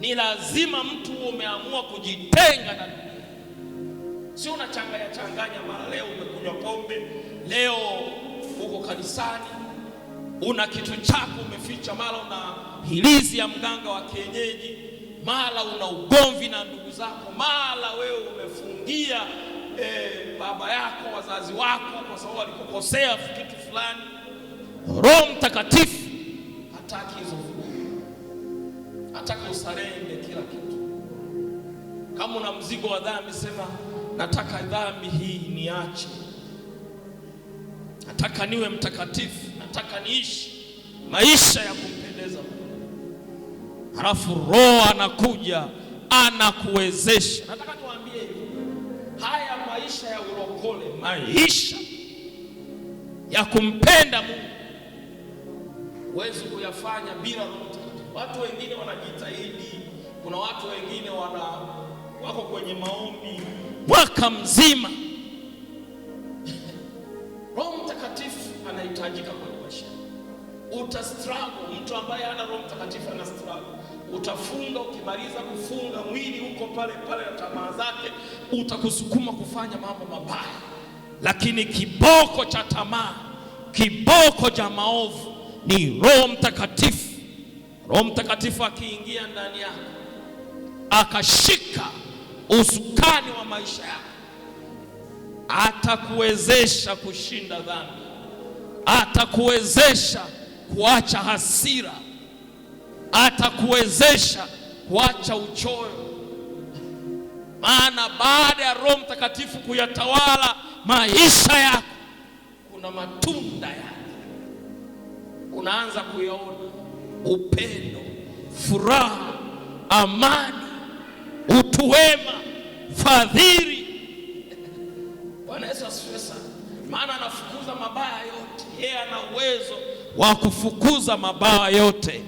ni lazima mtu umeamua kujitenga na dunia, sio unachanganya changanya, mara leo umekunywa pombe, leo uko kanisani, una kitu chako umeficha, mara una hilizi ya mganga wa kienyeji, mara una ugomvi na ndugu zako, mara wewe umefungia eh, baba yako, wazazi wako, kwa sababu walikukosea kitu fulani. Roho Mtakatifu hataki hizo nataka usarende kila kitu. Kama una mzigo wa dhambi, sema nataka dhambi hii niache, nataka niwe mtakatifu, nataka niishi maisha ya kumpendeza Mungu. Halafu Roho anakuja anakuwezesha. Nataka niwaambie hivi, haya maisha ya ulokole, maisha ya kumpenda Mungu huwezi kuyafanya bila Roho Watu wengine wanajitahidi, kuna watu wengine wana wako kwenye maombi mwaka mzima. Roho Mtakatifu anahitajika kwenye maisha. struggle, mtu ambaye hana Roho Mtakatifu ana struggle. Utafunga, ukimaliza kufunga mwili uko pale pale na tamaa zake, utakusukuma kufanya mambo mabaya. Lakini kiboko cha tamaa, kiboko cha maovu ni Roho Mtakatifu. Roho Mtakatifu akiingia ndani yako akashika usukani wa maisha yako, atakuwezesha kushinda dhambi, atakuwezesha kuacha hasira, atakuwezesha kuacha uchoyo. Maana baada ya Roho Mtakatifu kuyatawala maisha yako, kuna matunda yake unaanza kuyaona upendo, furaha, amani, utu wema, fadhili. Bwana Yesu asifiwe sana, maana anafukuza mabaya yote, yeye ana uwezo wa kufukuza mabaya yote.